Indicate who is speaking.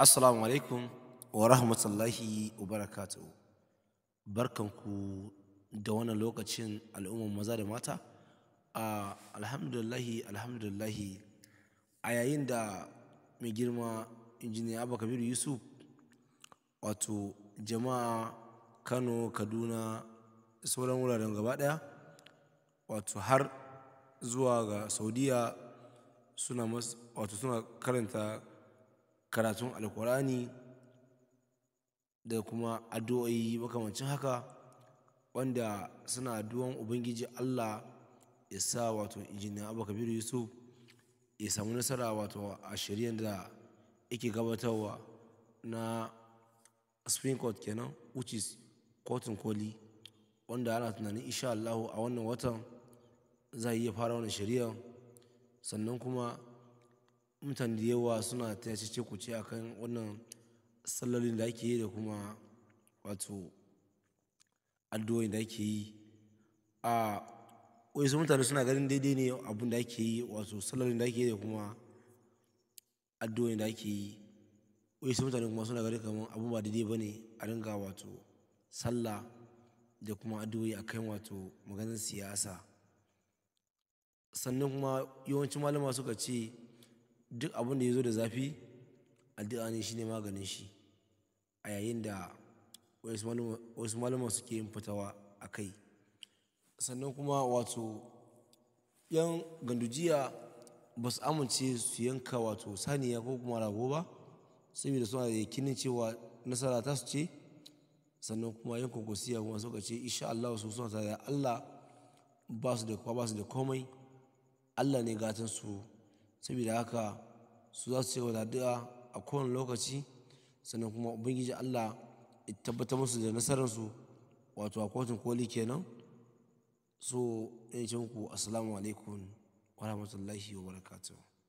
Speaker 1: Assalamu alaikum wa rahmatullahi wa barakatuhu. Barkanku da wannan lokacin al'ummar maza da mata. a alhamdulillahi alhamdulillahi a yayin da mai girma injiniya Abba Kabiru Yusuf wato jama'a Kano, Kaduna, sauran wuraren gaba daya wato har zuwa ga Saudiya wato suna karanta karatun alkur'ani da kuma addu'o'i makamancin haka wanda suna addu'an ubangiji allah ya sa wato injiniya abu yusuf ya samu nasara wato a shari'ar da yake gabatarwa na spring court kenan which is kotun koli wanda ana tunanin insha allahu a wannan watan za iya fara wannan shari'ar sannan kuma mutane da yawa suna ta ce ku ce akan wannan sallolin da ake yi da kuma wato addu'o'in da ake yi a wasu mutane suna ganin daidai ne abin da ake yi wato sallolin da ake yi da kuma addu'o'in da ake yi wasu mutane kuma suna ganin kamar abu ba daidai ba ne a ringa wato sallah da kuma addu'o'i akan wato maganar siyasa sannan kuma yawancin malama suka ce duk abin da ya zo da zafi addu'a ne shine maganin shi a yayin da wasu malama suke yin fitawa a kai sannan kuma wato yan gandujiya ba su amince su yanka wato saniya ko kuma rago ba saboda suna da yakinin cewa nasara ta su ce sannan kuma yan kwakwasiya kuma suka ce insha Allah su suna tare Allah ba su da komai Allah ne gatan su saboda haka su za su yi wadaddu'a a kowane lokaci sannan kuma ubangiji Allah ya tabbatar musu da nasararsu wato a kotun koli kenan so ce ku asalamu alaikum wa rahmatullahi wa barakatuh